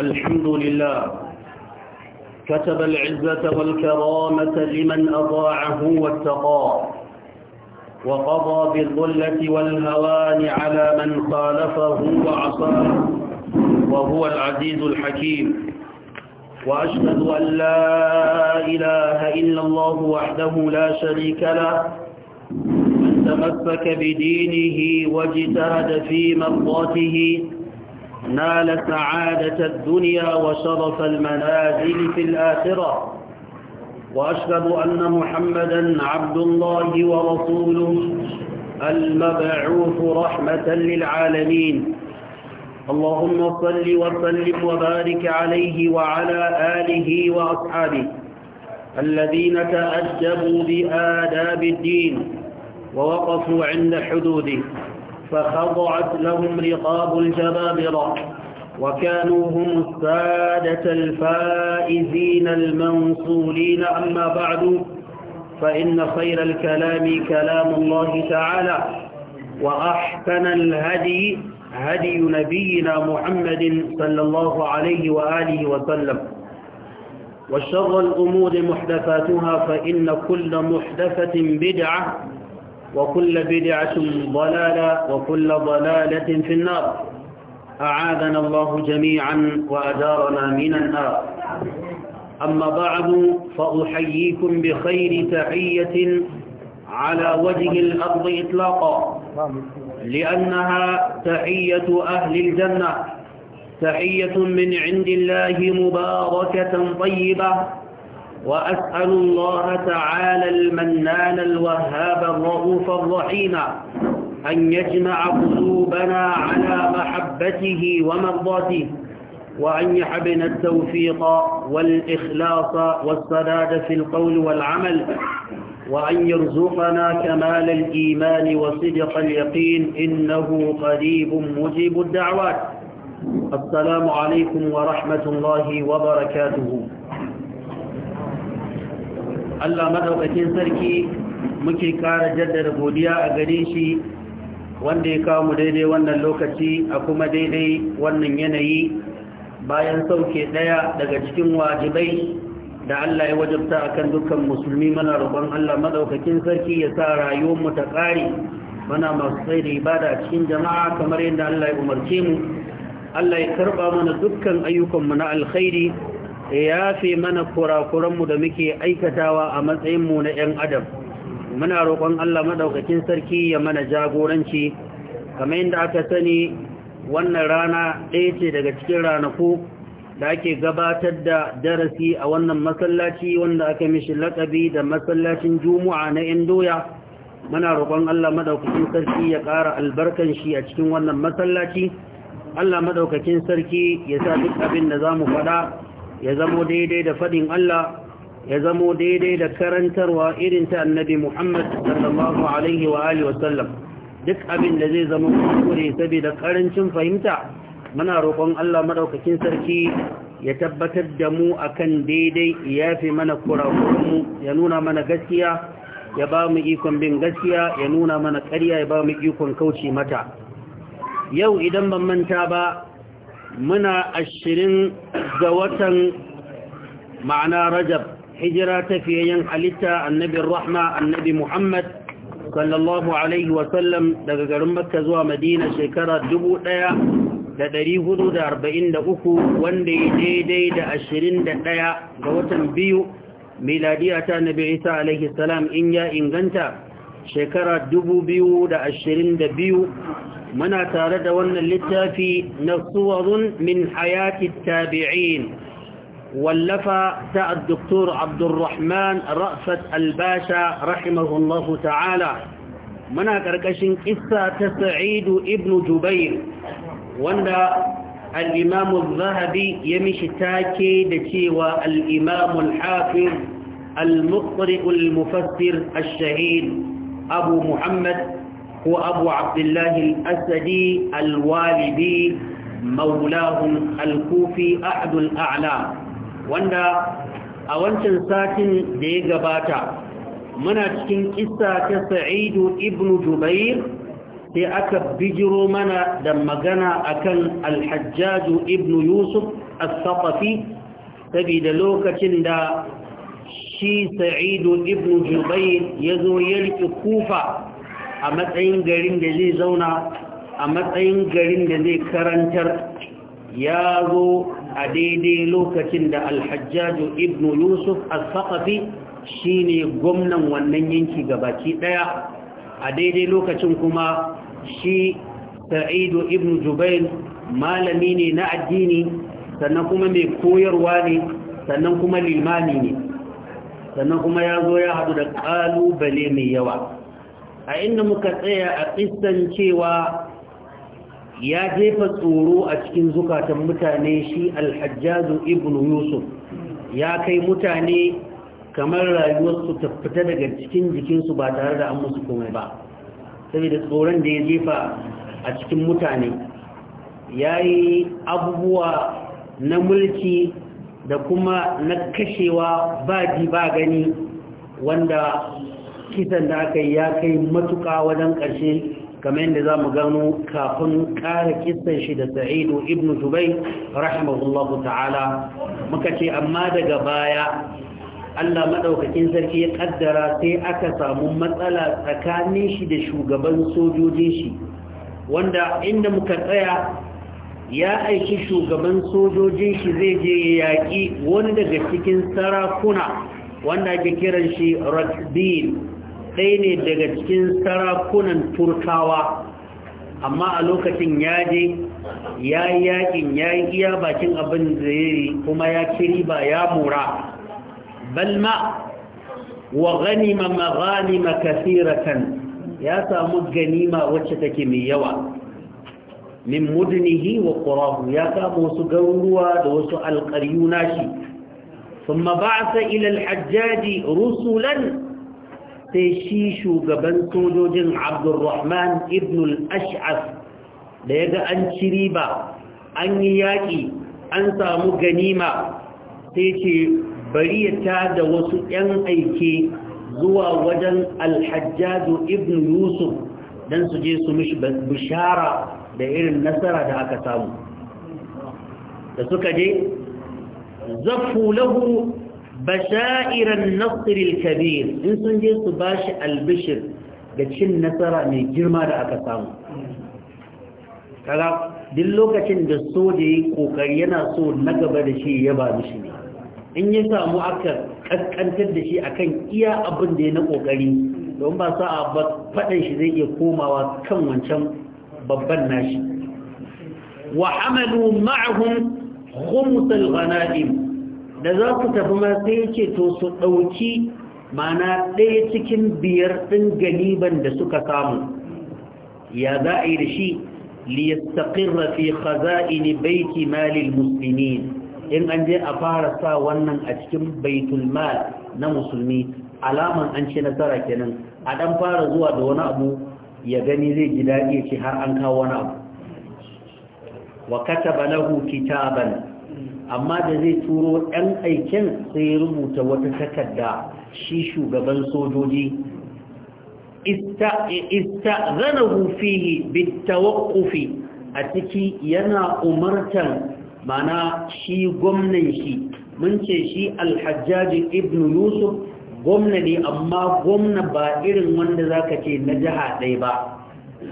الحمد لله كتب العزة والكرامة لمن أطاعه واتقاه وقضى بالظلة والهوان على من خالفه وعصاه وهو العزيز الحكيم وأشهد أن لا إله إلا الله وحده لا شريك له من تمسك بدينه واجتهد في مرضاته نال سعادة الدنيا وشرف المنازل في الآخرة وأشهد أن محمدا عبد الله ورسوله المبعوث رحمة للعالمين اللهم صل وسلم وبارك عليه وعلى آله وأصحابه الذين تأجبوا بآداب الدين ووقفوا عند حدوده فخضعت لهم رقاب الجبابرة وكانوا هم السادة الفائزين المنصولين أما بعد فإن خير الكلام كلام الله تعالى وأحسن الهدي هدي نبينا محمد صلى الله عليه وآله وسلم وشر الأمور محدثاتها فإن كل محدثة بدعة وكل بدعة ضلالة وكل ضلالة في النار أعاذنا الله جميعا وأدارنا من النار أما بعد فأحييكم بخير تحية على وجه الأرض إطلاقا لأنها تحية أهل الجنة تحية من عند الله مباركة طيبة وأسأل الله تعالى المنان الوهاب الرؤوف الرحيم أن يجمع قلوبنا على محبته ومرضاته وأن يحبنا التوفيق والإخلاص والسداد في القول والعمل وأن يرزقنا كمال الإيمان وصدق اليقين إنه قريب مجيب الدعوات السلام عليكم ورحمة الله وبركاته Allah madaukakin sarki muke ƙara jaddada godiya a gare shi wanda ya kawo mu daidai wannan lokaci a kuma daidai wannan yanayi bayan sauke ɗaya daga cikin wajibai da Allah ya wajabta akan dukkan musulmi mana roƙon Allah madaukakin sarki ya sa rayuwar mu ta ƙare mana masu saida da ibada a cikin jama'a kamar yadda Allah ya umarce mu Allah ya karɓa mana dukkan ayyukan mu na alkhairi ya fi mana kurakuranmu da muke aikatawa a matsayinmu na 'yan adam muna roƙon Allah maɗaukakin sarki ya mana jagoranci kamar yadda aka sani wannan rana ɗaya ce daga cikin ranaku da ake gabatar da darasi a wannan masallaci wanda aka mishi laƙabi da masallacin juma'a na 'yan doya muna roƙon Allah maɗaukakin sarki ya ƙara albarkan shi a cikin wannan masallaci Allah maɗaukakin sarki ya sa duk abin da za mu faɗa ya zamo daidai da faɗin Allah ya zamo daidai da karantarwa irin ta annabi Muhammad sallallahu alaihi wa alihi wa sallam duk abin da zai zama kuskure saboda karancin fahimta muna roƙon Allah madaukakin sarki ya tabbatar da mu akan daidai ya fi mana mu, ya nuna mana gaskiya ya ba mu ikon bin gaskiya ya nuna mana ƙarya ya ba mu ikon kauce mata yau idan ban manta ba muna ashirin ga watan ma'ana rajab hijira tafiyayyen halitta annabin rahma annabi muhammad sallallahu alaihi wasallam daga garin makka zuwa madina shekara dubu ɗaya da ɗari hudu da arba'in da uku wanda ya daidai da ashirin da ɗaya ga watan biyu miladiya ta nabi isa alaihi salam in ya inganta shekara dubu biyu da ashirin da biyu منا تارد ون للتافي نصور من حياة التابعين ولف تاء الدكتور عبد الرحمن رأفت الباشا رحمه الله تعالى من كركش قصة سعيد ابن جبير ون الإمام الذهبي يمشي تاكي دكيوى الإمام الحافظ المقرئ المفسر الشهيد أبو محمد هو أبو عبد الله الأسدي الوالدي مولاه الكوفي أحد الأعلام وأن أولت ساكن دي gabata muna cikin kissa ta sa'idu ibn jubair sai aka bijiro mana da magana akan alhajjaju ibn yusuf as-saqafi sabida lokacin da shi sa'idu ibn jubair yazo yalki kufa a matsayin garin da zai zauna a matsayin garin da zai karantar ya zo a daidai lokacin da alhajjaju ibn yusuf al shi shine gwamnan wannan yanki gabaki daya a daidai lokacin kuma shi sa'idu ibn jubail malami ne na addini sannan kuma mai koyarwa ne sannan kuma limami ne sannan kuma ya zo ya haɗu da ƙalubale mai yawa a inda muka tsaya a tsistan cewa ya jefa tsoro a cikin zukatan mutane shi alhajjazu ibn yusuf ya kai mutane kamar rayuwarsu ta fita daga cikin jikinsu ba tare da an musu komai ba saboda tsoron da ya jefa a cikin mutane ya yi abubuwa na mulki da kuma na kashewa ba ji ba gani wanda kisan da aka yi ya kai matuƙa wajen ƙarshe kamar yadda za mu gano kafin ƙara kisan shi da sa'idu ibn zubai rahimahullahu ta'ala muka ce amma daga baya Allah maɗaukakin sarki ya ƙaddara sai aka samu matsala tsakanin shi da shugaban sojojin shi wanda inda muka tsaya ya aiki shugaban sojojin shi zai je ya yaƙi wani daga cikin sarakuna wanda ake kiran shi rakbin ɗaya ne daga cikin sarakunan turkawa amma a lokacin ya je ya yi yakin ya yi iya bakin abin da ya yi kuma ya kiri ba ya mura balma wa ganima maghanima kasiratan ya samu ganima wacce take mai yawa min mudnihi wa qurahu ya samu wasu garuruwa da wasu alqaryu nashi thumma ba'atha ila al-hajjaj rusulan sai shi shugaban sojojin abdurrahman ibn al-ash'as da ya ga an ci riba an yi yaƙi an samu ganima sai ce bari ya ta da wasu 'yan aike zuwa wajen alhajjado ibn yusuf don su je su mishi bishara da irin nasara da aka samu da suka je zafu basha'iran nasiril kabir in sun je su bashi albishir ga cin nasara mai girma da aka samu kaga duk lokacin da so da yi kokari yana so na gaba da shi ya ba mishi ne in ya samu aka kaskantar da shi akan iya abin da ya na kokari don ba sa ba faɗin shi zai iya komawa kan wancan babban nashi wa amalu ma'ahum khumsal ghanaim da za ku tafi ma sai ya ce to su ɗauki mana ɗaya cikin biyar ɗin ganiban da suka samu ya za a yi da shi liyastaƙirra fi khaza'ini baiti malil musulmi in an je a fara sa wannan a cikin baitul mal na musulmi alaman an ce nasara kenan a dan fara zuwa da wani abu ya gani zai ji daɗi ce har an kawo wani abu wa kataba lahu kitaban amma da zai turo ɗan aikin sai ya rubuta wata takarda shi shugaban sojoji ista'zanahu fihi bitawaqqufi a ciki yana umartan mana shi gwamnan shi mun ce shi alhajjaji ibn yusuf gwamna ne amma gwamna ba irin wanda zaka ce na jiha ɗaya ba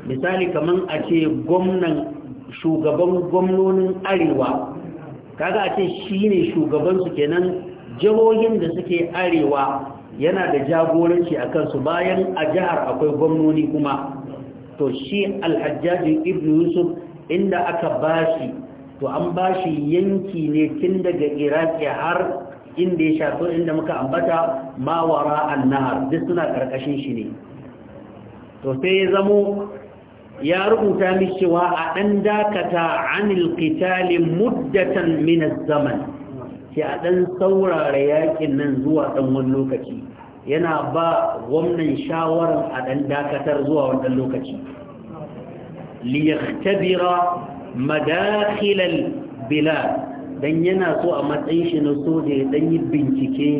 misali kamar a ce gwamnan shugaban gwamnonin arewa kaga a ce shine shugaban su kenan jihohin da suke arewa yana da jagoranci a kansu bayan a jihar akwai gwamnoni kuma to shi alhajjajin ibn yusuf inda aka bashi to an bashi yanki ne tun daga iraki har inda ya shafi inda muka ambata mawara annahar duk suna ƙarƙashin shi ne to sai ya zamo ya rubuta mi cewa a ɗan dakata anil kitalin muddatan min zaman sai a ɗan saurara yakin nan zuwa ɗan wani lokaci yana ba gwamnan shawarar a ɗan dakatar zuwa wannan lokaci liyaktabira madakhilal bila dan yana so a matsayin shi na soja ya ɗan yi bincike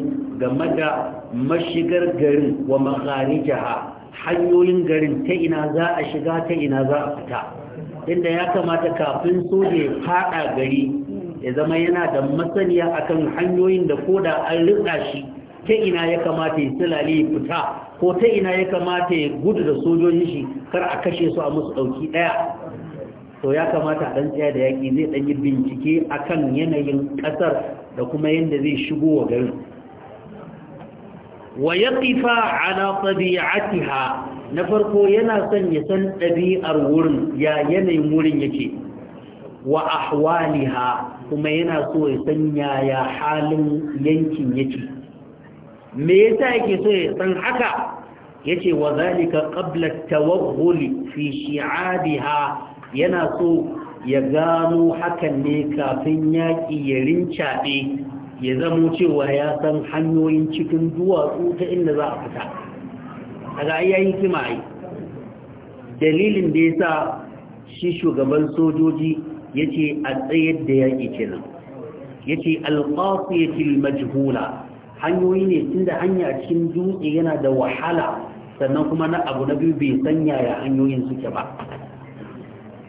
game da mashigar garin wa makharijaha hanyoyin garin ta ina za a shiga ta ina za a fita inda ya kamata kafin soja ya fada gari ya zama yana da masaniya akan hanyoyin da koda an rika shi ta ina ya kamata ya silale ya fita ko ta ina ya kamata ya gudu da sojojin shi kar a kashe su a musu dauki daya to ya kamata a dan tsaya da yaki zai dan yi bincike akan yanayin kasar da kuma yanda zai shigo wa garin wa yaqifa ala tabi'atiha na farko yana son ya san ɗabi'ar wurin ya yanayin wurin yake wa ahwaliha kuma yana so ya san yaya halin yankin yake me yasa yake so ya san haka yace wa zalika qabla at-tawaghul fi shi'abiha yana so ya gano hakan ne kafin yaƙi ya rincaɓe ya zamo cewa ya san hanyoyin cikin duwatsu ta inda za a fita a ga ayyayin kima dalilin da ya sa shi shugaban sojoji ya ce a tsayar da yaƙi kenan ya ce alƙasiyatil majhula hanyoyi ne inda hanya cikin dutse yana da wahala sannan kuma na abu na biyu bai san yaya hanyoyin suke ba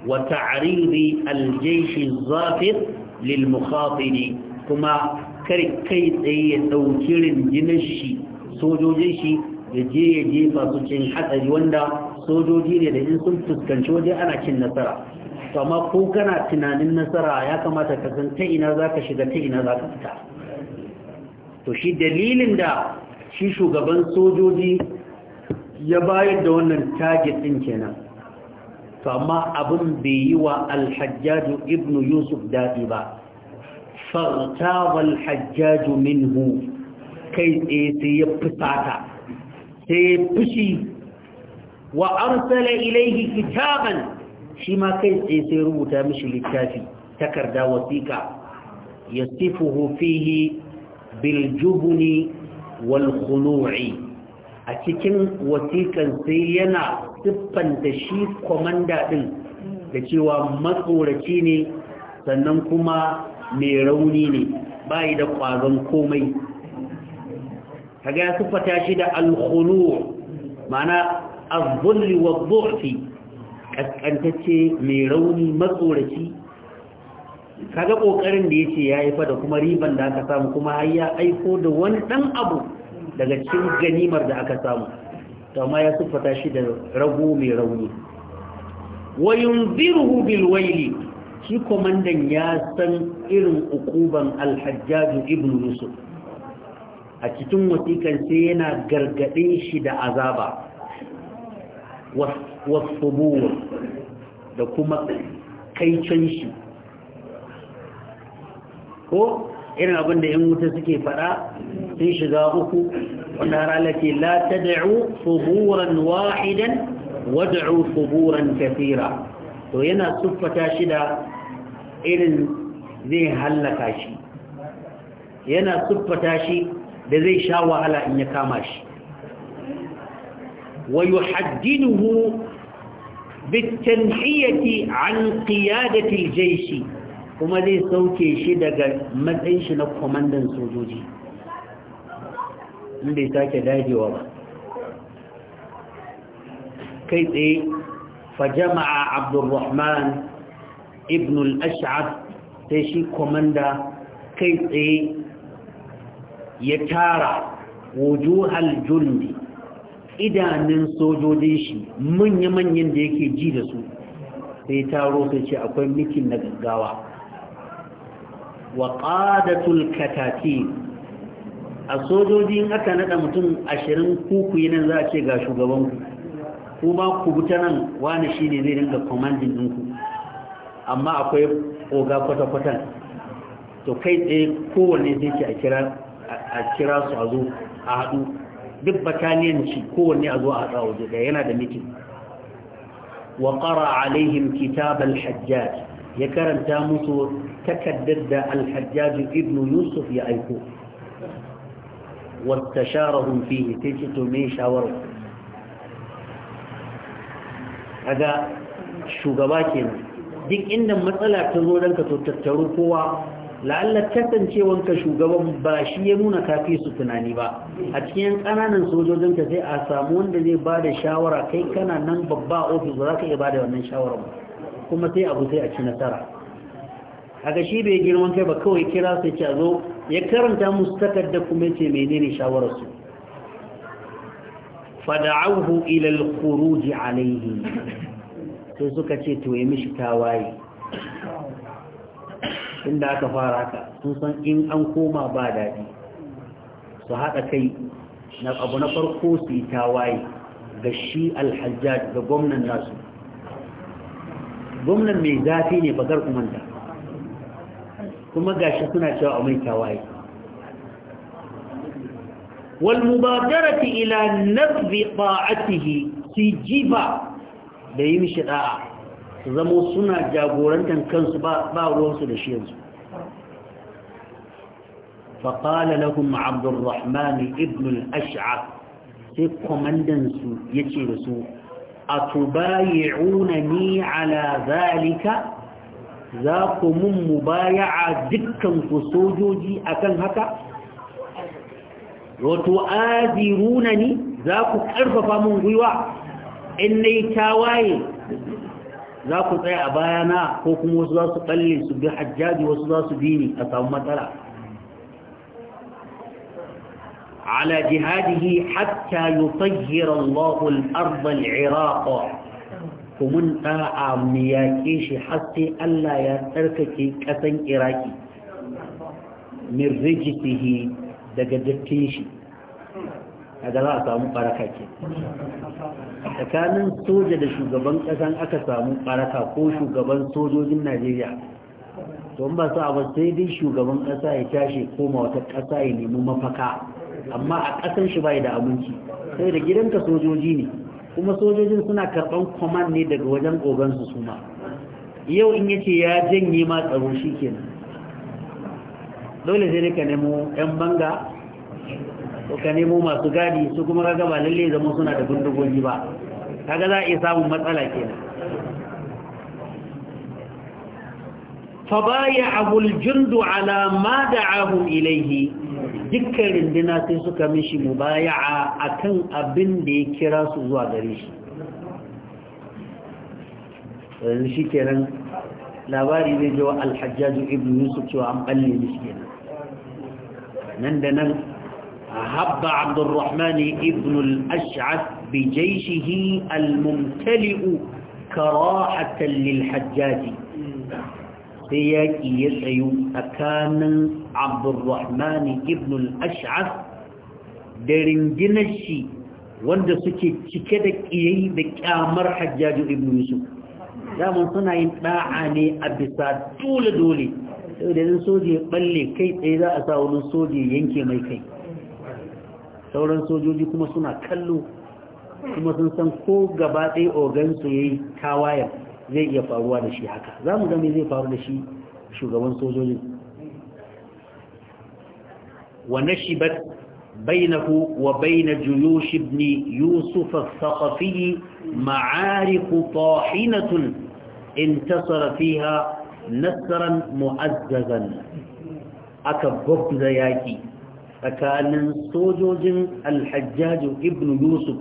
wa ta'ridi aljaysh zafir lil mukhatiri kuma kar kai tsaye ya ɗauki rundunar shi sojojin shi ya je ya jefa su cin hatsari wanda sojoji ne da in sun fuskanci waje ana cin nasara to amma ko kana tunanin nasara ya kamata ka san ta ina za ka shiga ta ina za ka fita to shi dalilin da shi shugaban sojoji ya bayar da wannan target ɗin kenan to amma abin bai yi wa alhajjaju ibnu yusuf daɗi ba fartabal hajjaju minhu kai tsaye sai ya fusata sai ya fushi wa arsala ilaihi kitaban shi kai tsaye sai rubuta mishi littafi takarda wasiƙa yasifuhu fihi bil jubni wal a cikin wasiƙan sai yana siffanta shi komanda din da cewa matsoraci ne sannan kuma mai rauni ne bayi da ƙwazon komai kaga ya siffata shi da alkhulu mana az wa wadh ƙasƙantacce kaskantacce mai rauni matsoraci kaga ƙoƙarin da ya ce yayi haifa da kuma riban da aka samu kuma har ya aiko da wani ɗan abu daga cikin ganimar da aka samu to amma ya siffata shi da rago mai rauni wa yunziruhu bil wayli shi kwamandan ya san irin ukuban alhajjaju ibn yusuf a cikin wasikan sai yana gargaɗe shi da azaba wasu buwa da kuma kaicen shi ko irin abin da yan wuta suke faɗa sun shiga uku wanda har la ta da'u fuburan wahidan wada'u fuburan kafira to yana siffata shi da irin zai hallaka shi yana siffata shi da zai sha wahala in ya kama shi wa yuhaddiduhu bitanhiyati an qiyadati shi. kuma zai sauke shi daga matsayin shi na komandan sojoji in bai sake dajewa ba kai tsaye فجمع عبد الرحمن ابن الأشعث تشي كومندا كيتي يتارى وجوه الجند idanun sojojin shi manya-manyan da yake ji da su sai taro sai ce akwai mikin na gaggawa wa ƙadatul katati a sojoji aka naɗa mutum ashirin kuku nan za a ce ga shugabanku kuma ku buta nan wani shi ne zai dinga commanding ɗinku amma akwai oga kwata-kwatan to kai tsaye kowanne zai ce a kira su a zo a haɗu duk bataliyan shi kowanne a zo a haɗu a waje yana da mitin wa ƙara alaihim kitab al-hajjaj ya karanta musu takaddar da al ibnu ibn yusuf ya aiko wata sharahun fiye ta ce to me shawarar kaga shugaba kenan duk inda matsala ta zo dan ka tattaru kowa la'alla kasancewanka shugaban ba shi ya nuna kafi su tunani ba a cikin ƙananan sojojinka sai a samu wanda zai ba da shawara kai kana nan babba ofis ba za ka iya ba da wannan shawarar kuma sai abu sai a ci nasara haka shi bai girman kai ba kawai kira sai ce a zo ya karanta musu takarda kuma ya ce menene shawararsu fada'auhu Ilal al-khuruj alayhi sai suka ce to ya mishi tawaye inda aka fara haka sun san in an koma ba daɗi su haɗa kai na abu na farko su yi tawaye ga shi alhajjaj ga gwamnan nasu gwamnan mai zafi ne bakar kumanta kuma gashi suna cewa a mai tawaye والمبادرة إلى نبذ طاعته سجيبا da yi mishi da'a su zamo suna jagorantar kansu ba ruwansu da shi yanzu faƙala lahum abdurrahman ibn al sai kwamandan su yace da su a tubayi'una ni ala zalika za ku mun mubaya'a dukkan ku sojoji akan haka wato aziruna ni za ku ƙarfafa mun gwiwa in na yi tawaye za ku tsaya a bayana ko kuma wasu za su kalle su bi hajjaji wasu za su bini a samu matsala ala jihadihi hatta yutahhira Allahu al-ardh al-iraq kumun da'a miyake shi haske Allah ya tsarkake ƙasan Iraki min rijtihi daga dattin shi a za a samu baraka ke tsakanin soja da shugaban ƙasan aka samu baraka ko shugaban sojojin najeriya to ba su abu sai dai shugaban ƙasa ya tashi koma wata ƙasa ya nemi mafaka amma a ƙasar shi bai da abinci sai da gidanka sojoji ne kuma sojojin suna karɓan kwaman ne daga wajen ogansu Suma. yau in yace ya janye ma tsaro shi kenan dole sai ka nemo yan banga ko ka nemo masu gadi su kuma kaga ba lalle zama suna da bindigogi ba kaga za a iya samun matsala kenan fabaya abul jundu ala ma da'ahu ilaihi dukkan rindina sai suka mishi mubaya'a akan abin da ya kira su zuwa gare shi yanzu shi kenan labari zai jawa alhajjaju ibn yusuf cewa an balle da shi nan da nan habba abdurrahman ibn al-ash'ath bi jayshihi al-mumtali'u karahatan lil sai yaƙi ya tsayu tsakanin abdurrahman ibn al-ash'ath da ringinar shi wanda suke cike da ƙiyayi da ƙyamar hajjaju ibn yusuf damun suna yin da'a ne a bisa dole dole sau da soje balle kai tsaye za a sa wani soje yanke mai kai sauran sojoji kuma suna kallo kuma sun san ko gaba ɗaya ogansu ya yi tawayen zai iya faruwa da shi haka za mu gami zai faru da shi shugaban sojoji. wane shi بينه وبين جيوش ابن يوسف الثقفي معارك طاحنة انتصر فيها نصرا مؤززا أكبب ذياتي فكان سوجوج الحجاج ابن يوسف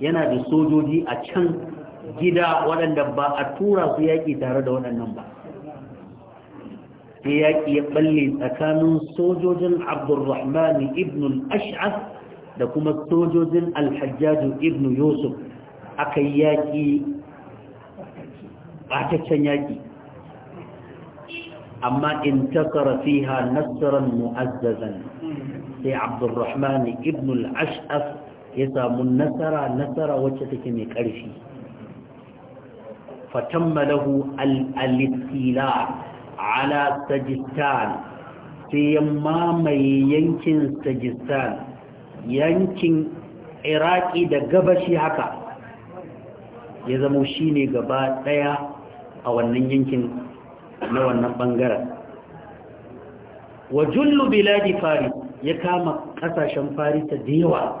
ينادي سوجوجي أشان gida waɗanda ba a tura su yaƙi tare da waɗannan ba sai yaƙi ya balle tsakanin sojojin abdurrahman ibn al-ash'af da kuma sojojin al-hajjaj ibn yusuf aka yaƙi ɓataccen yaƙi amma in takara fiha nasarar mu'azzazan sai abdurrahman ibn al-ash'af ya samu nasara nasara wacce take mai ƙarfi fatamma lahu al-istila ala sajistan sai ya mamaye yankin sajistan yankin iraki da gabashi haka ya zamo shi ne gaba a wannan yankin na wannan ɓangaren wajullu biladi faris ya kama ƙasashen farisa da yawa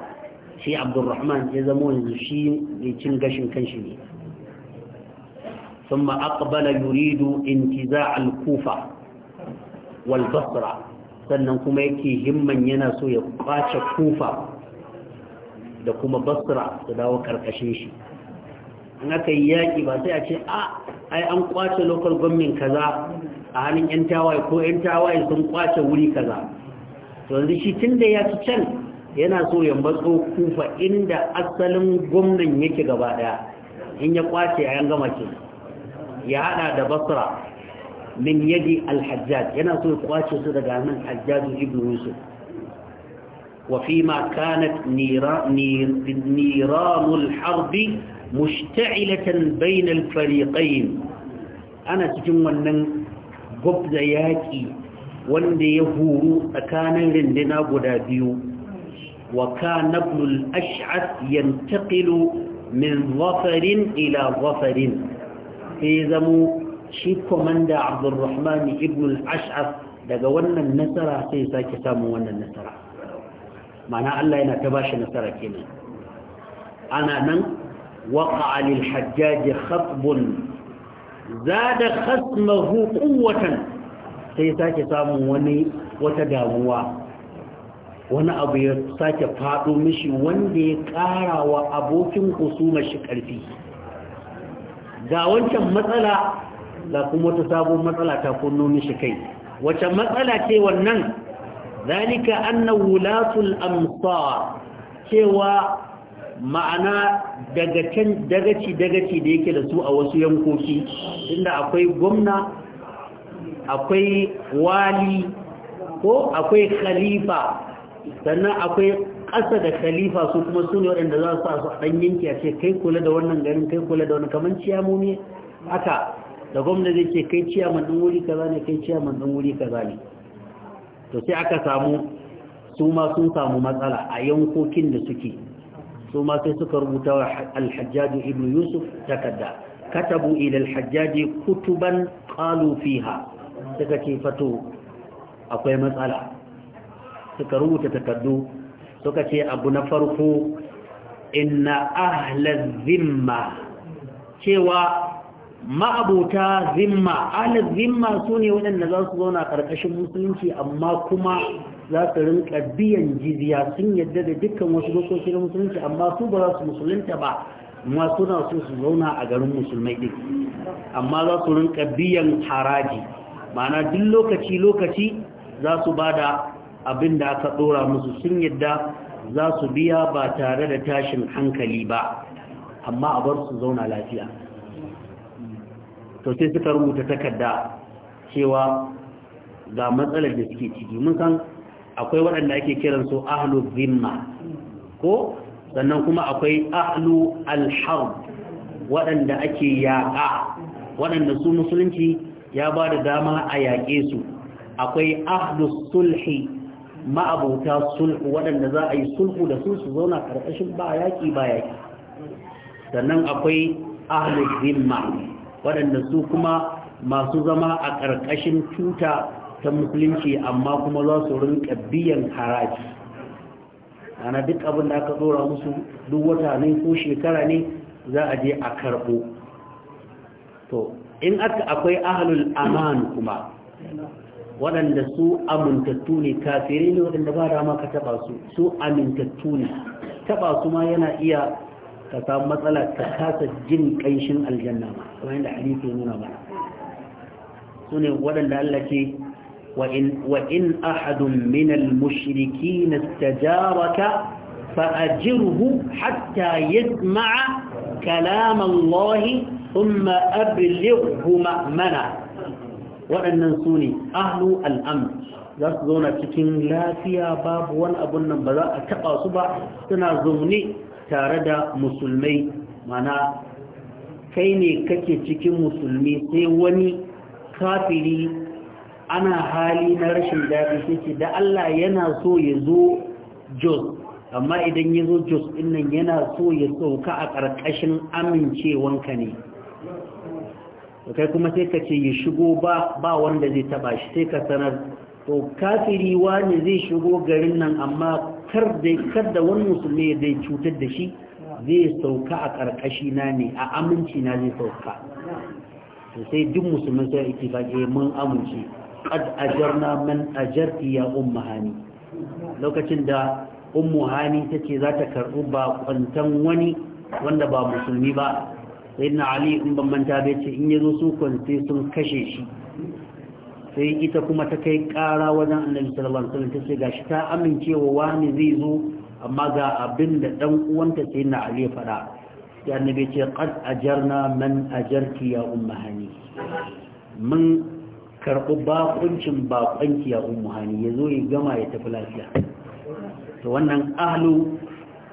shi abdurrahman ya zamo yanzu shi mai cin gashin kanshi ne ثم أقبل يريد انتزاع الكوفة والبصرة sannan kuma yake himman yana so ya kwace kufa da kuma basra su dawo karkashin shi an aka yi yaƙi ba sai a ce a ai an kwace local gwamnin kaza a hannun 'yan tawaye ko 'yan tawaye sun kwace wuri kaza to yanzu shi tun da ya ci can yana so ya matso kufa inda asalin gwamnan yake gaba ɗaya. in ya kwace a yan gama ke ya hada da basra min yadi al-hajjaj yana so ya kwace su daga hannun hajjaj ibn yusuf wa fi ma kanat niran al-harb mushta'ilatan bayna al-fariqayn ana cikin wannan gwabza yaki wanda ya huru tsakanin rindina guda biyu wa kana ibn al-ash'ath yantaqilu min zafarin ila zafarin sai zamo shi komanda abdurrahman ibn al-ash'af daga wannan nasara sai sake samun wannan nasara mana Allah yana ta bashi nasara kenan ana nan waqa'a lil hajjaj khatbun zada khasmahu quwwatan sai sake samun wani wata damuwa wani abu ya sake faɗo mishi wanda ya ƙara wa abokin husumar shi ƙarfi ga wancan matsala ga kuma wata sabon matsala ta kunno mishi kai wace matsala ce wannan zalika anna wulatul amsar cewa ma'ana daga can dagaci dagaci da yake da su a wasu yankoki inda akwai gwamna akwai wali ko akwai khalifa sannan akwai ƙasa da khalifa su kuma su ne waɗanda za su su a ɗan yanki a ce kai kula da wannan garin kai kula da wani kamar ciyamomi haka da gwamnati ce kai ciyaman ɗan wuri kaza ne kai ciyaman ɗan wuri kaza ne to sai aka samu su ma sun samu matsala a yankokin da suke su ma sai suka rubuta wa alhajjaji ibn yusuf takarda katabu ila alhajjaji kutuban qalu fiha suka ce fato akwai matsala suka rubuta takardu suka ce abu na farko inna ahlaz zimma cewa ma'abuta zimma ahlaz zimma su ne waɗanda za su zauna ƙarƙashin musulunci amma kuma za su rinka biyan jiziya sun yadda da dukkan wasu dokoki na musulunci amma su ba za su musulunta ba amma suna so su zauna a garin musulmai ɗin amma za su rinka biyan haraji ma'ana duk lokaci lokaci za su ba da abin da aka ɗora musu sun yadda za su biya ba tare da tashin hankali ba amma a bar su zauna lafiya to sai suka rubuta takarda cewa ga matsalar da suke ciki mun san akwai waɗanda ake kiran su ahlu zimma ko sannan kuma akwai ahlu alharb waɗanda ake yaƙa waɗanda su musulunci ya ba da dama a yaƙe su akwai ahlu sulhi ma'abauta sulhu waɗanda za a yi sulhu da su su zauna ƙarƙashin ba yaƙi ba yaƙi sannan akwai ahlul zimma waɗanda su kuma masu zama a ƙarƙashin tuta ta musulunci amma kuma za su rinka biyan haraji ana duk abin da aka ɗora musu duk wata ne ko shekara ne za a je a karɓo to in aka akwai ahlul aman kuma waɗanda su amintattu ne kafirai ne waɗanda ba dama ka taɓa su su amintattu ne taɓa su ma yana iya ka samu matsala ka kasa jin ƙanshin aljanna ma kamar yadda ali ke nuna mana su ne waɗanda Allah ce wa in ahadun min al-mushrikin istajaraka فأجره حتى يسمع كلام الله ثم أبلغه مأمنا waɗannan su ne ahlu al'am za su zauna cikin lafiya babu wani abun nan ba za a taɓa su ba suna zaune tare da musulmai mana kai ne kake cikin musulmi sai wani kafiri ana hali na rashin daɗi sai ce da Allah yana so ya zo jos amma idan ya zo jos ɗin nan yana so ya sauka a ƙarƙashin amincewanka ne kai kuma sai ka ce ya shigo ba ba wanda zai taba shi sai ka sanar to kafiri wani zai shigo garin nan amma kar da kar da wani musulmi zai cutar da shi zai sauka a karkashi na ne a aminci na zai sauka to sai duk musulmin sai ittifaqi eh, mun amince qad ajarna man ajarti ya umma hani. lokacin da ummu hani tace za ta karbu ba kwantan wani wanda ba musulmi ba sai na ali in ban bai ce in ya zo su kwanci sun kashe shi sai ita kuma ta kai kara wajen annabi sallallahu alaihi wasallam ta ce gashi ta amincewa wani zai zo amma ga abin da dan uwanta sai na ali ya fada sai annabi ce qad ajarna man ajarti ya ummahani mun karɓi bakuncin bakonki ya ummahani yazo ya gama ya tafi lafiya to wannan ahlu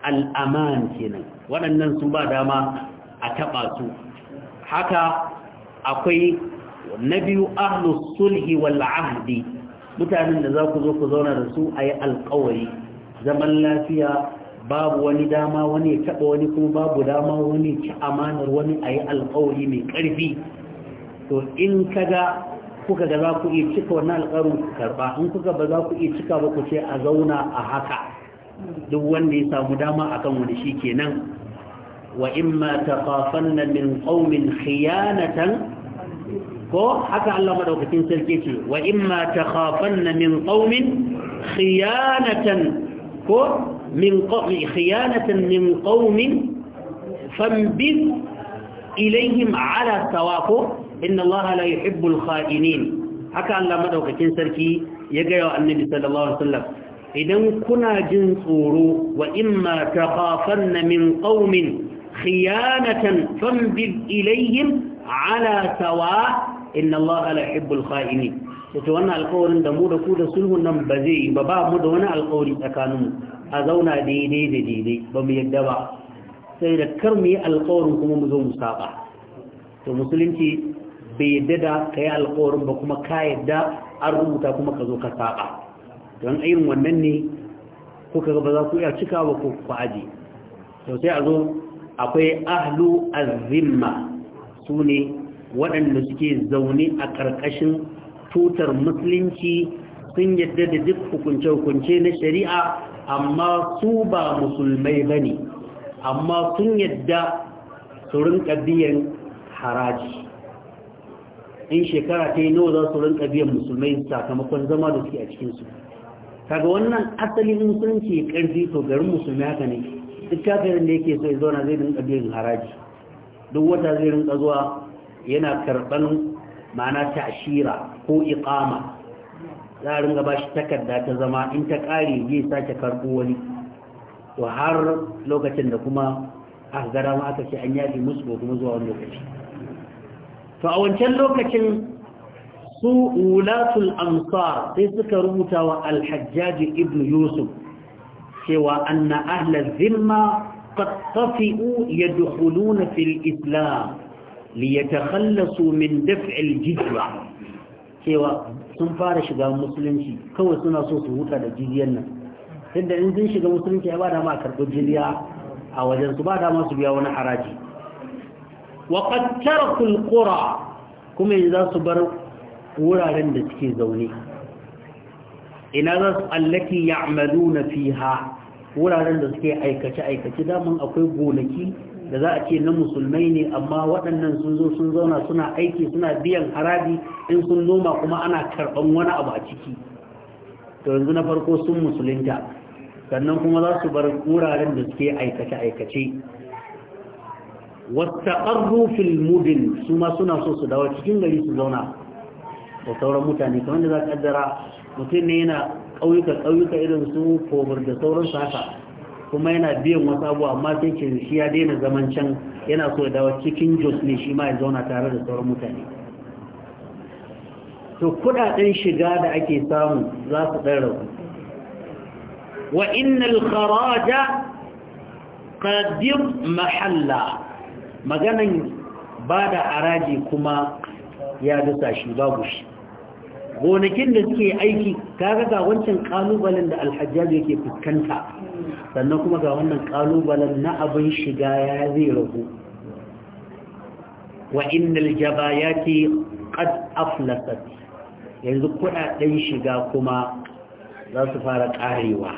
al'aman kenan waɗannan su ba dama a taɓa su haka akwai na biyu ahlus sulhi wal ahdi mutanen da za ku zo ku zauna da su a yi alkawari zaman lafiya babu wani dama wani ya taɓa wani kuma babu dama wani ci amanar wani a yi alkawari mai ƙarfi to in kaga kuka ga za ku iya cika wannan alƙarin ku karɓa in kuka ba za ku iya cika ba ku ce a zauna a haka duk wanda ya samu dama akan wani shi kenan وإما تخافن min قوم خيانة ko haka Allah madaukakin sarki ce wa imma takhafanna min qaumin khiyanatan ko min qawmi khiyanatan min qaumin fanbid ilayhim ala ko inna Allah la yuhibbu al-kha'inin haka Allah madaukakin sarki ya wa annabi sallallahu alaihi wasallam idan kuna jin tsoro wa imma takhafanna min qaumin khiyanatan fambid ilayhim ala sawa inna Allah la yuhibbul kha'inin wannan alƙawarin da mu da ku da sulhun nan ba zai ba ba mu da wani alƙawari tsakaninmu a zauna daidai da daidai ba mu yadda ba sai da kar mu yi alƙawarin kuma mu zo mu saba to musulunci bai yadda da ka yi alƙawarin ba kuma ka yadda an rubuta kuma ka zo ka saba don irin wannan ne kuka ga ba za ku iya cika ba ku aji to sai a zo akwai ahlu azimma su ne waɗanda suke zaune a ƙarƙashin tutar musulunci sun yadda da duk hukunce-hukunce na shari'a amma su ba musulmai ba ne amma sun yadda su ƙabiyan haraji in shekara ta yi nawa za su rinka biyan musulmai sakamakon zama da suke a cikinsu kaga wannan asalin musulunci ya ƙarfi to garin musulmai haka ne duk da yake so ya zauna zai rinka biyan haraji duk wata zai rinka zuwa yana karɓan ma'ana ta ashira ko iƙama. za a ringa ba shi takarda ta zama in ta ƙare zai sake karɓo wani to har lokacin da kuma a gara ma aka ce an yafi musu ko kuma zuwa wani lokaci to a wancan lokacin su wulatul amsar sai suka rubuta wa alhajjaji ibn yusuf cewa anna ahla zimma qad tafi'u yadkhuluna fil islam liyatakhallasu min daf'il jizya cewa sun fara shiga musulunci kawai suna so su huta da jiziyar nan tunda in sun shiga musulunci ba da ma karɓar jiziya a wajen su ba da ma su biya wani haraji wa qad taraku qura kuma yanzu su bar wuraren da suke zaune ina za su allati ya'maluna fiha wuraren da suke aikace aikace daman akwai gonaki da za a ce na musulmai ne amma waɗannan sun zo sun zauna suna aiki suna biyan harabi, in sun noma kuma ana karɓan wani abu a ciki to yanzu na farko sun musulunta sannan kuma za su bar wuraren da suke aikace aikace wastaqarru fil mudin su suna so su dawo cikin gari su zauna da sauran mutane kamar da za ka kaddara mutum ne yana ƙauyuka ƙauyuka irin su kobar da sauransu haka kuma yana biyan wasu abuwa amma sai shi ya daina zaman can yana so ya dawo cikin jos ne shi ma ya zauna tare da sauran mutane to kudaden shiga da ake samu za su ɗan rabu wa innal kharaja qadim mahalla maganan ba da haraji kuma ya dusa shi babu shi gonakin da suke aiki kaga ga wancan kalubalen da alhajjaji yake fuskanta sannan kuma ga wannan kalubalen na abin shiga ya zai ragu wa innal ce kad aflasat yanzu kudaden shiga kuma za su fara karewa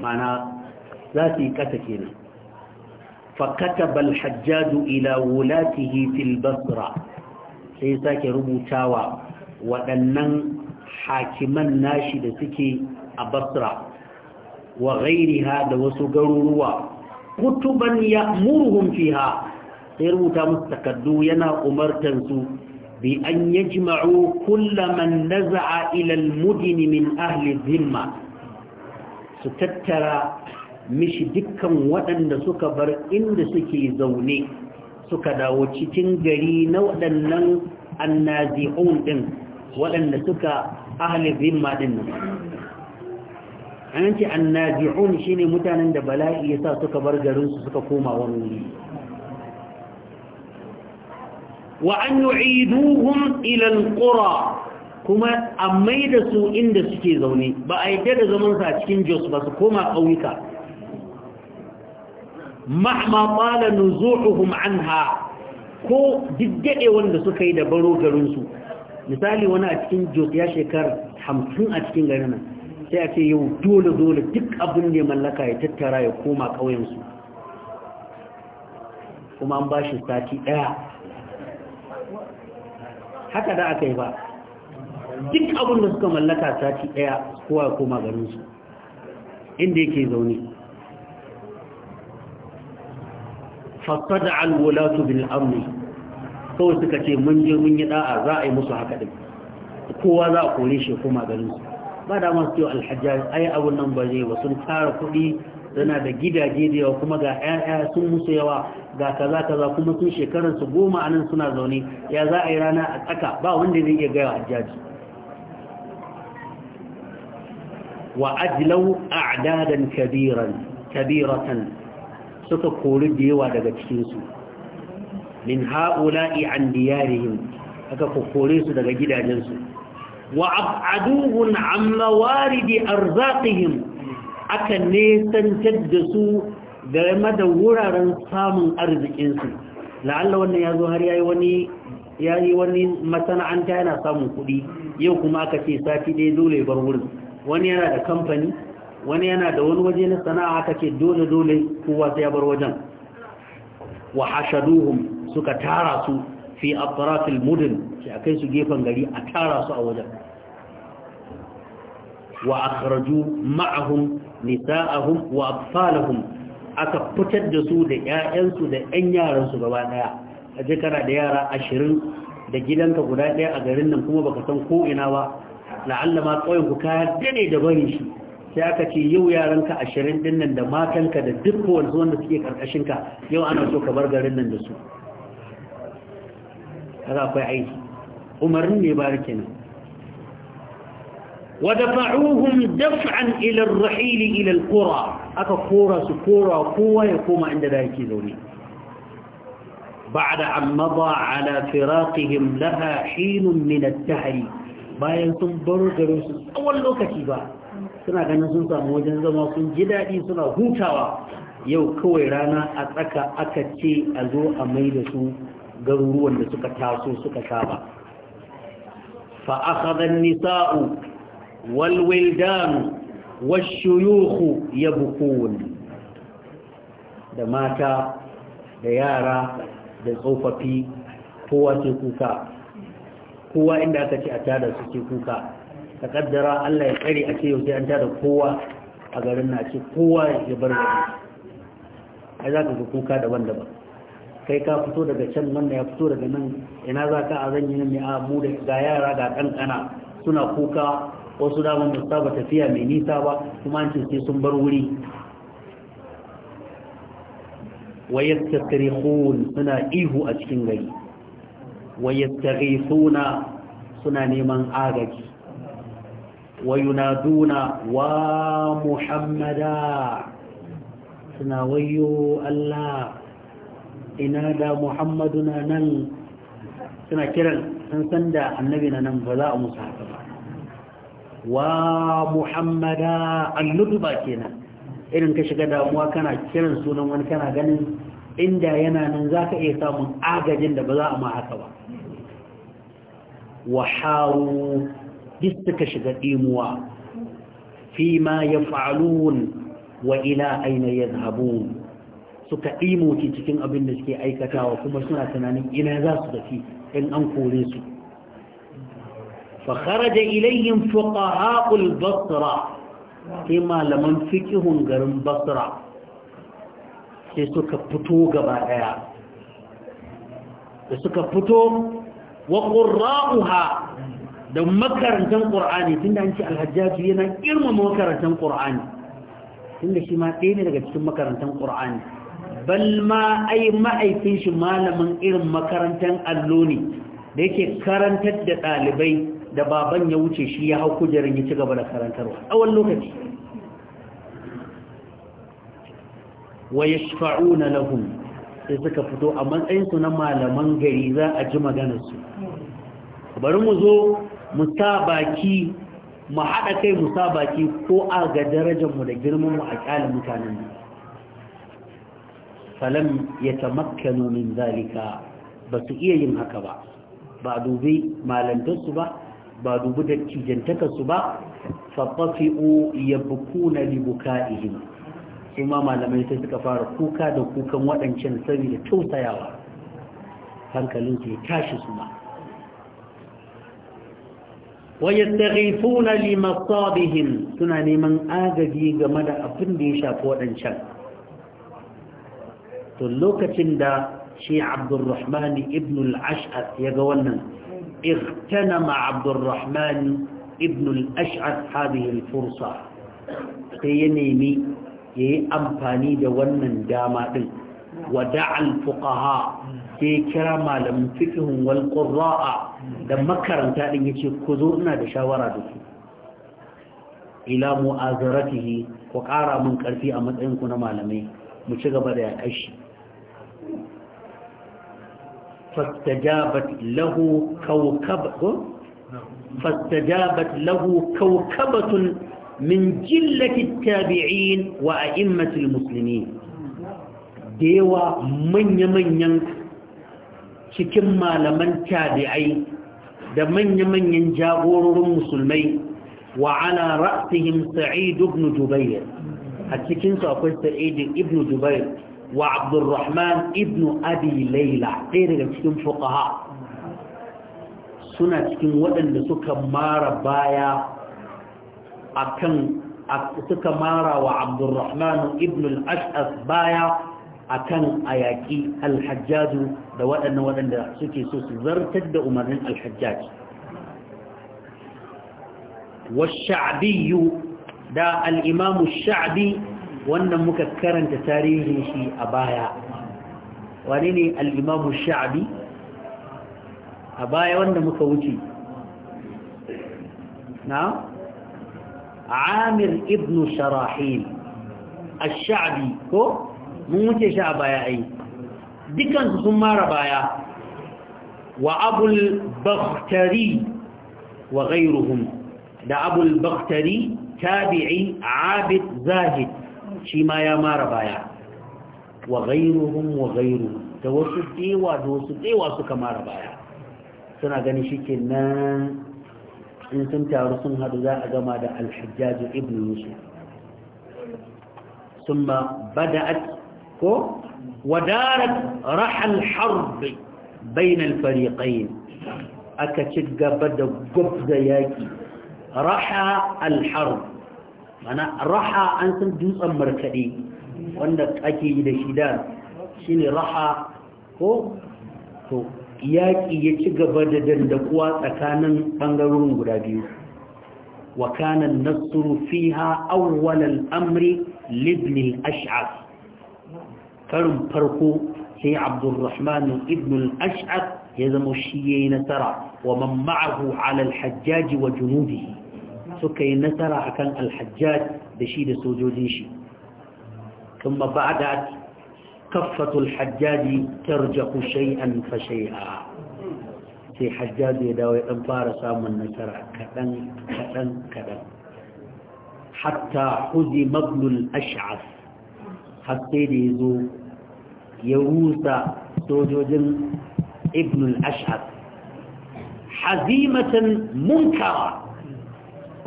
mana za su yi kasa kenan فكتب الحجاج إلى ولاته في البصرة rubuta wa. waɗannan hakiman nashi da suke a basra wa gairiha da wasu garuruwa kutuban ya murhun fiha sai rubuta musu takardu yana umartansu bi an yajma'u kullaman naza'a ilal mudini min ahli zimma su tattara mishi dukkan waɗanda suka bar inda suke zaune suka dawo cikin gari na waɗannan annazi'un ɗin waɗanda suka ahli zimma ɗin nan an ce annabi'un shine mutanen da bala'i yasa suka bar garin suka koma wani wa an yu'iduhum ilan alqura kuma a maida su inda suke zaune ba a yi da zaman sa cikin Jos ba su koma ƙauyuka mahma qala an anha ko diddade wanda suka yi da baro garin su misali wani a cikin jos ya 50 hamsin a cikin garin nan sai a ce yau dole dole duk abin da ya mallaka ya tattara ya koma ƙauyensu kuma an ba shi sati ɗaya haka da aka yi ba duk abin da suka mallaka sati ɗaya kowa ya koma garinsu inda yake zaune fasada alwulatu bil amni kawai suka ce mun je mun yi da'a za a yi musu haka din kowa za a kore shi kuma garin su ba da masu cewa alhajjaj ai abun nan ba zai ba sun tara kuɗi suna da gidaje da yawa kuma ga ƴaƴa sun musu yawa ga kaza kaza kuma sun shekaran su goma anan suna zaune ya za a yi rana a tsaka ba wanda zai iya gaya hajjaji wa ajlau a'dadan kabiran kabiratan suka kori da yawa daga cikin su min ha'ula'i an diyarihim aka kokore su daga gidajensu wa ab'aduhum an mawaridi arzaqihim aka nesantar da su da wuraren samun arzikinsu la'alla wannan ya zo har yayi wani yayi wani masana'anta yana samun kuɗi yau kuma aka ce sati ɗaya dole bar wurin wani yana da kamfani wani yana da wani waje na sana'a aka ce dole dole kowa sai ya bar wajen wa hashaduhum suka tara su fi atrafil mudin sai akai su gefen gari a tara su a wajen wa akhraju ma'ahum nisa'ahum wa atfalahum aka fitar da su da 'ya'yansu da ƴan yaran su gaba daya aje kana da yara 20 da gidanka guda daya a garin nan kuma baka san ko ina ba la'alla ma kauyen ku ka dane da bari shi sai aka ce yau yaranka 20 din nan da matanka da duk wanda suke karkashin ka yau ana so ka bar garin nan da su kaza akwai aiki umarni ne ba da kenan wadda fa’uhun daf’an ilar rahili ilar kura aka kora su kora kowa ya koma inda da ake zaune ba da amma ala firakihim laha shinun minar tahari bayan sun baro gare su tsawon lokaci ba suna ganin sun samu wajen zama sun ji daɗi suna hutawa yau kawai rana a tsaka aka ce a zo a mai da su garuruwan da suka taso suka saba fa nisau wal wildan wash ya yabkun da mata da yara da tsofaffi kowa ce kuka kowa inda aka ce a tada su ce kuka ta Allah ya tsare a ce yau sai an tada kowa a garin na ce kowa ya bar gari A za ka kuka daban-daban kai ka fito daga can nan ya fito daga nan ina za ka a zanyi nan ne a mu da ga yara ga kankana suna kuka wasu daman ba saba tafiya mai nisa ba kuma an sai sun bar wuri wa yastasrihun suna ihu a cikin gari wa yastaghithuna suna neman agaji wa yunaduna wa muhammada suna wayo Allah ina da muhammadu na nan suna kiran sun san da annabi na nan ba za a musu haka ba wa muhammada ke kenan irin ka shiga damuwa kana kiran sunan wani kana ganin inda yana nan za ka iya samun agajin da ba za a ma haka ba wa haru ka shiga ɗimuwa fi ma ya fa'alun wa ila aina ya zahabun suka ɗimoci cikin abin da suke aikatawa kuma suna tunanin ina za su tafi in an kore su fakara da ilayyin fuka haƙul basra sai malaman fikihun garin basra sai suka fito gaba ɗaya da suka fito wa ƙura'uha da makarantar ƙur'ani tun da an ci alhajjaji yana girmama makarantar ƙur'ani tun da shi ma ɗaya ne daga cikin makarantar ƙur'ani bal ma ai ma'aikin shi malamin irin makarantar allo ne da yake karantar da ɗalibai da baban ya wuce shi ya hau kujerin ya ci gaba da karantarwa wani lokaci wa ya na lahun sai suka fito a matsayinsu na malaman gari za a ji maganarsu bari mu zo mu sa mu haɗa kai mu sa baki ko a ga mu da girmanmu a ƙyalin mutanen mu. falam yatamakkanu min zalika ba su iya yin haka ba ba dubi malantarsu ba ba dubi su ba faɓafi'u ya bukuna libuka'ihim su, ma malamai sai suka fara kuka da kukan waɗancan da tausayawa hankalinsu ya tashi suma ويستغيثون لمصابهم suna neman agaji game da abin da ya shafi waɗancan to lokacin da shi abdurrahman ibn al-ash'ath ya ga wannan اغتنم عبد الرحمن ابن fursa sai ya nemi yayi amfani da wannan dama din wada'al fuqaha sai kira malamin fiqhun wal qurra'a da makaranta din yace ku zo ina da shawara da ku ila mu'azaratihi ku ƙara mun karfi a matsayin ku na malamai mu ci gaba da yakashi فاستجابت له كوكبة فاستجابت له wa من جلة التابعين وأئمة المسلمين ديوة من يمن شكما لمن تابعي da manya-manyan jagororin musulmai wa ala ra'sihim sa'id ibn jubair a cikin su akwai sa'id ibn jubair wa abdurrahman ibn abi laila ɗaya daga cikin fuqaha suna cikin waɗanda suka mara baya akan suka mara wa abdurrahman ibn al-ash'as baya akan ayaki al-hajjaju da waɗannan waɗanda suke so su zartar da umarnin alhajjaji hajjaj wa da al imamu ash wannan muka karanta tarihin shi a baya wane ne al'imamu sha'abi a baya wanda muka wuce na amir ibn sharahil a sha'abi ko mun wuce shi a baya ai dukansu sun mara baya wa abul bakhtari wa gairuhun da abul bakhtari tabi'i abid zahid shi ma ya mara baya wa ghairuhum wa ghairuhum da wasu tsewa da wasu tsewa suka mara baya suna gani shike nan in sun taru sun hadu za a gama da al-hajjaj ibn yusuf thumma bada'at ko wadarat rahal harb bayna al-fariqayn aka ci gaba da gubza yaki raha al-harb mana raha an san dutsen markaɗe wanda ake yi da shi da shi ne raha ko to yaƙi ya ci gaba da dandakuwa tsakanin ɓangarorin guda biyu wa kanan nasuru fiha awwalan amri libnil ash'ar karin farko sai abdulrahman ibn al-ash'ar ya zama shi yayi nasara wa man ma'ahu ala al-hajjaj wa junudihi سكي نسر عكان الحجاج بشيد سوجوجيشي ثم بعدت كفة الحجاج ترجق شيئا فشيئا في حجاج يداوى انفار سام النسر كتن كتن كتن حتى حزي مبل الأشعث حتى يزو يووسى سوجوج ابن الأشعث حزيمة منكرة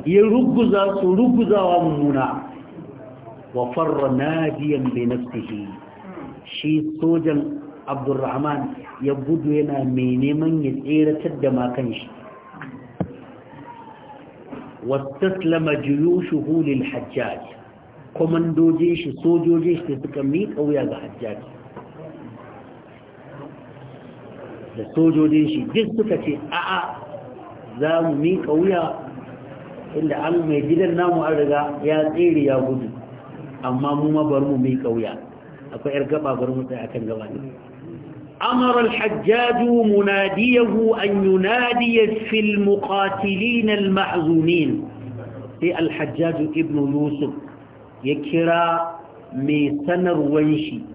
ya ruguza su ruguzawa mummuna wa farra nadiyan bi nafsihi shi sojan abdurrahman ya gudu yana mai neman ya tseratar da makan shi wastaslama juyushuhu lil hajjaj komandojin shi sojojin shi suka miƙa wuya ga hajjaj da sojojin shi duk suka ce a'a za mu miƙa wuya inda an mai gidan namu an ya tsere ya gudu amma mu ma bar mu mai kauya akwai yar gaba bar mu sai akan gaba ne amara al-hajjaj munadiyahu al-muqatilin sai al ibnu yusuf ya kira mai sanarwan shi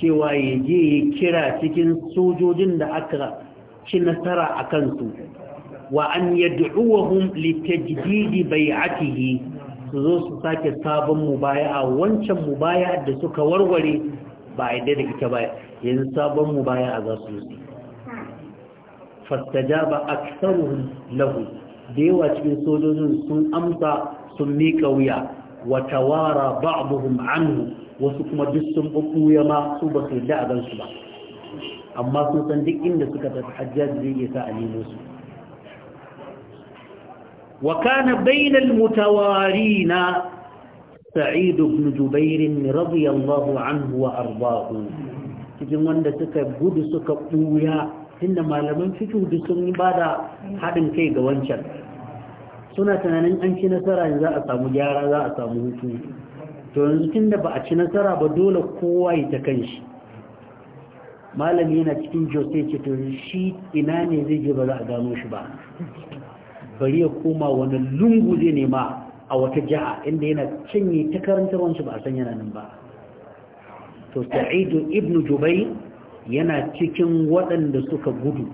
cewa ya je ya kira cikin sojojin da aka ci nasara a kansu. wa an yad'uhum bai bai'atihi su zo su sake sabon mubaya'a wancan mubaya'a da suka warware ba a da ita ba yanzu sabon mubaya'a za su yi fastajaba aktsaruhum lahu da yawa cikin sojojin sun amsa sun mika wuya wa tawara ba'dhum anhu wasu kuma duk sun bukuya ma su ba su da gansu ba amma sun san duk inda suka tafi hajjaji zai iya sa a nemo su وكان بين المتوارين سعيد بن جبير رضي الله عنه وأرضاه cikin wanda suka gudu suka buya, tunda malaman fito da sun yi haɗin kai ga wancan suna tunanin an ci nasara ne za a samu gyara za a samu hutu to yanzu tunda ba a ci nasara ba dole kowa ya ta kan shi malami yana cikin jose ce to shi ina ne zai je ba za a gano shi ba bari ya koma wani lungu zai nema a wata jiha inda yana cinye ta karantar wancan ba a san yana nan ba to sa'idu Ibn jubai yana cikin waɗanda suka gudu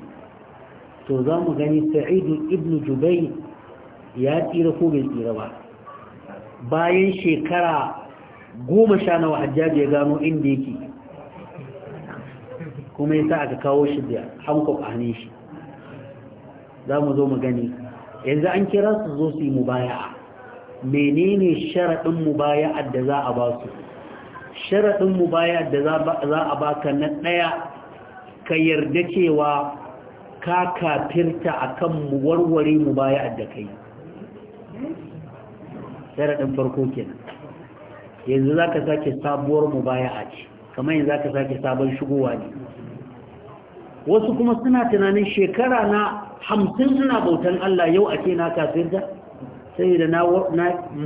to za mu gani sa'idu Ibn jubai ya tsira ko bai tsira ba bayan shekara goma sha nawa hajjaji ya gano inda yake kuma yasa aka kawo shi da hankok a hannun shi za mu zo mu gani yanzu an kira su zo su yi mubaya'a menene sharaɗin mubaya'ar da za a ba su sharaɗin mubaya'ar da za a ba ka na ɗaya ka yarda cewa ka kafirta akan warware mubaya'ar da kai sharaɗin farko kenan yanzu za ka sake sabuwar mubaya'a ce kamar yanzu za ka sake sabon shigowa ne wasu kuma suna tunanin shekara na hamsin suna bautan Allah yau a ce na da sai da na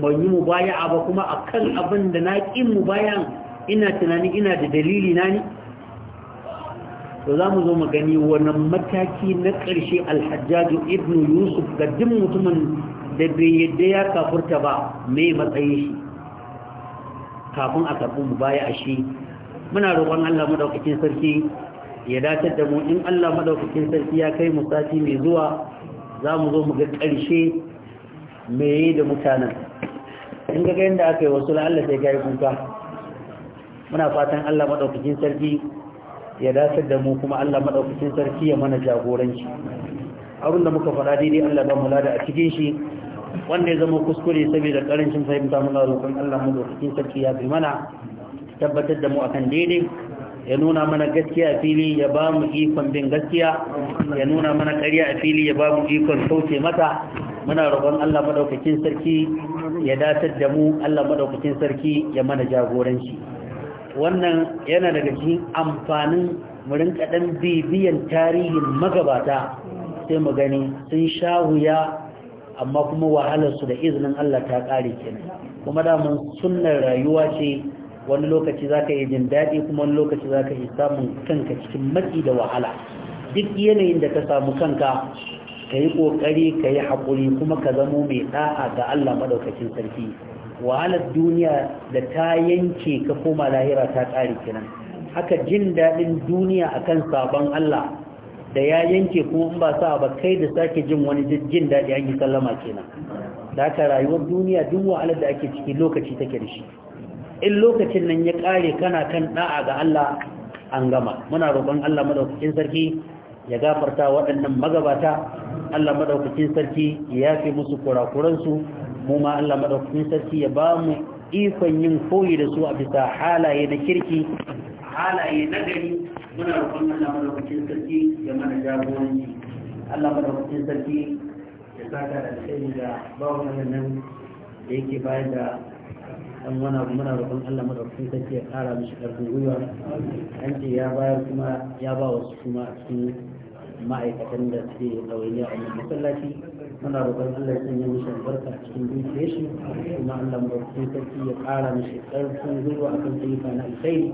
banyi mu baya ba kuma a kan abin da na ƙin mu bayan ina tunani ina da dalili na ne to za mu zo mu gani wani mataki na ƙarshe alhajjaju ibn yusuf ga jin mutumin da bai yadda ya kafurta ba mai matsayi shi kafin a karɓi mu baya a shi muna roƙon Allah maɗaukacin sarki ya dace da mu in Allah madaukakin sarki ya kai mu sati mai zuwa za mu zo mu ga ƙarshe meye da mutanen in ga yadda aka yi wasu la'alla sai ga yi kuka muna fatan Allah madaukakin sarki ya dace da mu kuma Allah madaukakin sarki ya mana jagoranci abin da muka faɗa daidai Allah ba mu lada a cikin shi wanda ya zama kuskure saboda karancin fahimta muna roƙon Allah madaukakin sarki ya bi mana tabbatar da mu akan daidai ya nuna mana gaskiya a fili ya ba mu ikon bin gaskiya ya nuna mana ƙarya a fili ya ba mu ikon sauke mata muna roƙon Allah madaukakin sarki ya datar da mu Allah madaukakin sarki ya mana jagoranci wannan yana daga cikin amfanin murin kaɗan bibiyan tarihin magabata sai mu gani sun sha wuya amma kuma wahalarsu da izinin Allah ta ƙare kenan kuma daman sunnar rayuwa ce wani lokaci za ka yi jin daɗi kuma wani lokaci za ka yi samun kanka cikin matsi da wahala duk yanayin da ka samu kanka ka yi ƙoƙari ka yi haƙuri kuma ka zamo mai ɗa'a ga Allah maɗaukacin sarki wahalar duniya da ta yanke ka koma lahira ta ƙare kenan haka jin daɗin duniya akan sabon Allah da ya yanke kuma in ba sa ba kai da sake jin wani jin daɗi an yi sallama kenan da haka rayuwar duniya duk wahalar da ake ciki lokaci take da shi in lokacin nan ya kare kana kan da'a ga Allah an gama muna roƙon Allah madaukakin sarki ya gafarta waɗannan magabata Allah madaukakin sarki ya yafe musu su mu ma Allah madaukakin sarki ya ba mu ikon yin koyi da su a bisa halaye na kirki halaye na gari muna roƙon Allah madaukakin sarki ya mana jagoranci Allah madaukakin sarki ya saka da kai da bawon nan da yake bayar da dan wani abu muna roƙon Allah madaukakin sarki ya ƙara mishi ƙarfin gwiwa an ce ya bayar kuma ya ba wasu kuma a cikin ma'aikatan da suke ɗawainiya a masallaci muna roƙon Allah ya sanya mishi albarka cikin dukiyar shi kuma Allah mu roƙi sarki ya ƙara mishi ƙarfin gwiwa akan ayyuka na alkhairi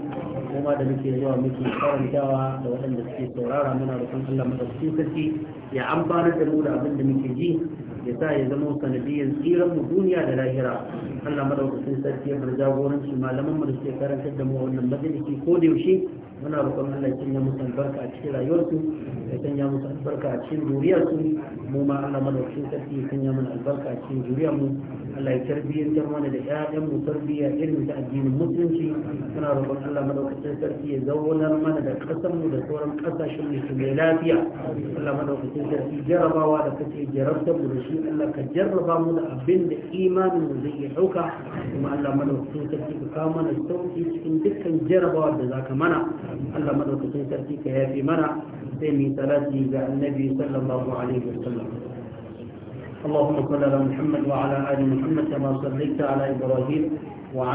kuma da muke zuwa muke karantawa da waɗanda suke saurara muna roƙon Allah mu roƙi sarki ya amfana da mu da abin da muke ji ya sa ya zama sanadiyyar tsiran mu duniya da lahira Allah madaukakin sarki ya bar jagoranci malaman mu da suke karantar da mu wannan majalisi ko da yaushe muna roƙon Allah ya sanya musu albarka a cikin rayuwarsu ya sanya musu albarka a cikin zuriyarsu mu ma Allah madaukakin sarki ya sanya mana albarka a cikin zuriyarmu Allah ya tarbiyyantar mana da ƴaƴan mu tarbiyya irin ta addinin musulunci muna roƙon Allah madaukakin sarki ya zaunar mana da ƙasar mu da sauran ƙasashen mu su mai lafiya Allah madaukakin sarki jarabawa da kace jarabta mu da shi Allah ka jarraba mu da abin da imanin mu zai iya ɗauka kuma Allah madaukakin sarki ka kawo mana sauki cikin dukkan jarabawa da zaka mana Allah madaukakin sarki ka yafe mana sai mu yi salati ga annabi sallallahu alaihi wasallam اللهم صل على محمد وعلى آل محمد كما صليت على إبراهيم وعلى